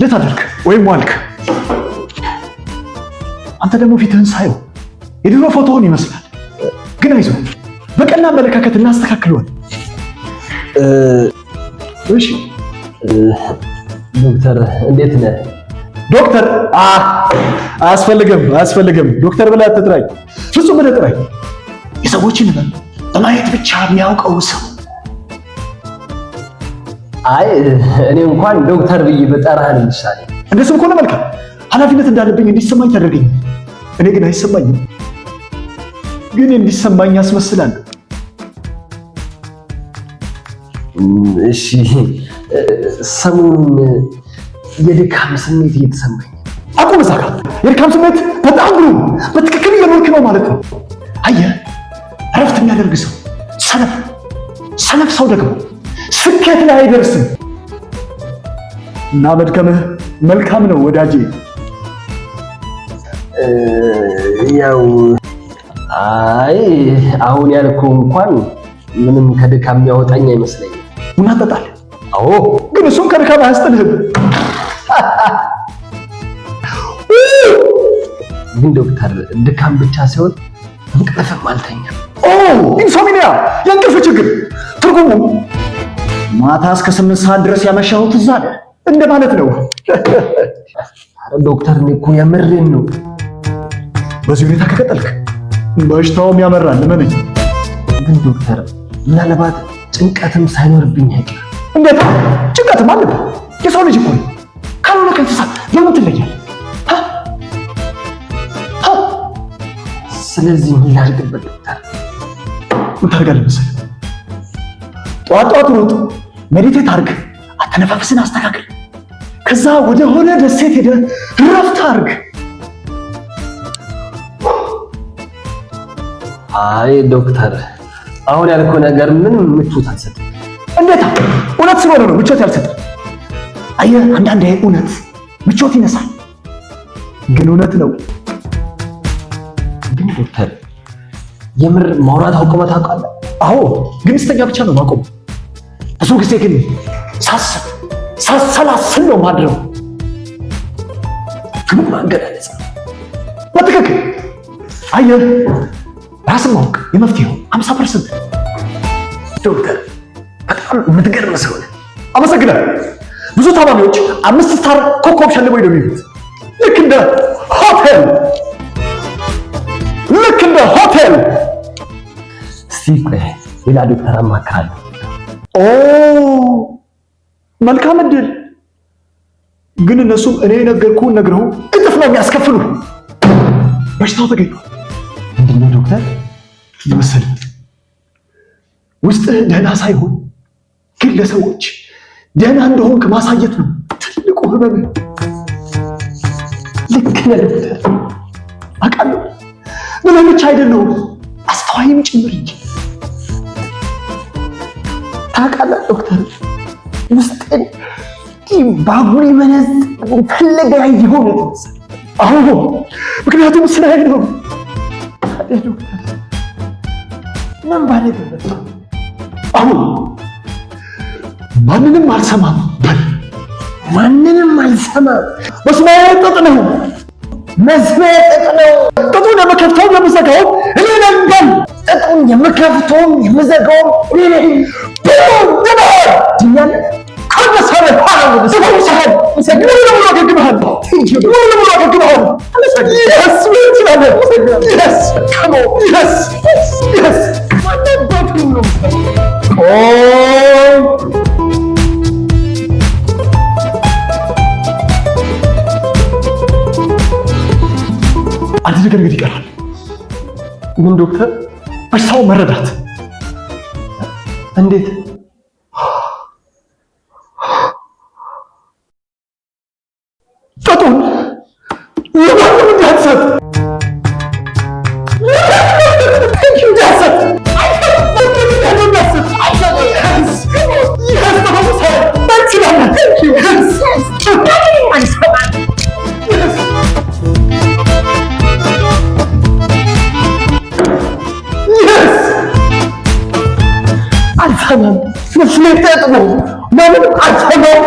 ልታደርግ ወይም ዋልክ። አንተ ደግሞ ፊትህን ሳየው የድሮ ፎቶውን ይመስላል፣ ግን አይዞህ በቀና አመለካከት እናስተካክለዋል። እሺ ዶክተር እንዴት ነህ? ዶክተር አያስፈልግም፣ አያስፈልግም ዶክተር ብለህ አትጥራኝ፣ ፍጹም ብለህ ጥራኝ። የሰዎችን በማየት ብቻ የሚያውቀው ሰው አይ እኔ እንኳን ዶክተር ብዬ በጠራህ ነው ምሳሌ። እንደሱም ከሆነ መልካም ኃላፊነት እንዳለብኝ እንዲሰማኝ ታደርገኝ። እኔ ግን አይሰማኝም፣ ግን እንዲሰማኝ ያስመስላለሁ። እሺ፣ ሰሞኑን የድካም ስሜት እየተሰማኝ አቁም። እዛ የድካም ስሜት በጣም ብሩ በትክክል እየኖርክ ነው ማለት ነው። አየህ፣ እረፍት የሚያደርግ ሰው ሰነፍ ሰነፍ ሰው ደግሞ ስኬት ላይ አይደርስም። እና መድከምህ መልካም ነው ወዳጄ። ያው አይ አሁን ያልኩ እንኳን ምንም ከድካም የሚያወጣኝ አይመስለኝም። ቡና እንጠጣለን። አዎ፣ ግን እሱን ከድካም አያስጥልህም። ግን ዶክተር ድካም ብቻ ሳይሆን እንቅልፍም ኦ ኢንሶሚኒያ፣ የእንቅልፍ ችግር ትርጉሙ ማታ እስከ ስምንት ሰዓት ድረስ ያመሻሁት እዛ እንደ ማለት ነው። ዶክተር እኔ እኮ የምሬን ነው። በዚህ ሁኔታ ከቀጠልክ በሽታውም ያመራል። መነኝ ግን ዶክተር ምናልባት ጭንቀትም ሳይኖርብኝ አይቀር። እንዴት ጭንቀትም አለ? የሰው ልጅ እኮ ካልሆነ ከእንስሳ በምን ትለያለህ? ስለዚህ ምን ላድርግበት ዶክተር? ምን ታደርጋለህ መሰለህ? ጠዋት ጠዋት ሩጥ፣ ሜዲቴት አድርግ፣ አተነፋፍስን አስተካክል፣ ከዛ ወደ ሆነ ደሴት ሄደ ረፍት አድርግ። አይ ዶክተር አሁን ያልከው ነገር ምን ምቾት አልሰጥም። እንዴታ እውነት ስለሆነ ነው ምቾት ያልሰጥም። አየህ አንዳንዴ እውነት ምቾት ይነሳል፣ ግን እውነት ነው። ግን ዶክተር የምር ማውራት አቁመህ ታውቃለህ? አዎ፣ ግን ስተኛ ብቻ ነው ማቆም። ብዙ ጊዜ ግን ሳስብ ሳሰላስል ነው ማድረው። ግን ማገላለጽ በትክክል አየህ ራስን ማወቅ የመፍትሄው ሀምሳ ፐርሰንት ዶክተር በጣም የምትገርም ስለሆነ አመሰግናል። ብዙ ታማሚዎች አምስት ስታር ኮከብ ሸልሞ ነው የሚሉት። ልክ እንደ ሆቴል ልክ እንደ ሆቴል። እስቲ ሌላ ዶክተር አማክራለሁ። ኦ መልካም እድል። ግን እነሱም እኔ የነገርኩህን ነግረው እጥፍ ነው የሚያስከፍሉ። በሽታው ተገኝቷል። ነው ዶክተር የመሰለህ ውስጥህን ደህና ሳይሆን ግን ለሰዎች ደህና እንደሆንክ ማሳየት ነው ትልቁ ህመምህ። ልክ ነህ አውቃለሁ ብለህ ብቻ አይደለሁም አስተዋይም ጭምር እንጂ። ታውቃለህ ዶክተር ውስጥን ባጉሪ መነጽር ፈለገ ያየሆነ አሁን ምክንያቱም ስናይ ነው ዶክተር ምን ባደረግበት አሁን ማንንም አልሰማም፣ ማንንም አልሰማም። መስማያ ጥጥ ነው፣ መስማያ ጥጥ ነው። ጥጡን የምከፍተውም የምዘጋውም እኔ ነበር። ጥጡን የምከፍተውም የምዘጋውም እኔ ነኝ። Yes! አለበት ሁሉም አንድ ነገር ግን ይቀራል። ምን ዶክተር፣ በሽታው መረዳት እንዴት አልሰማም። መስሜ ጠጥ ነው። ማንም አልሰማም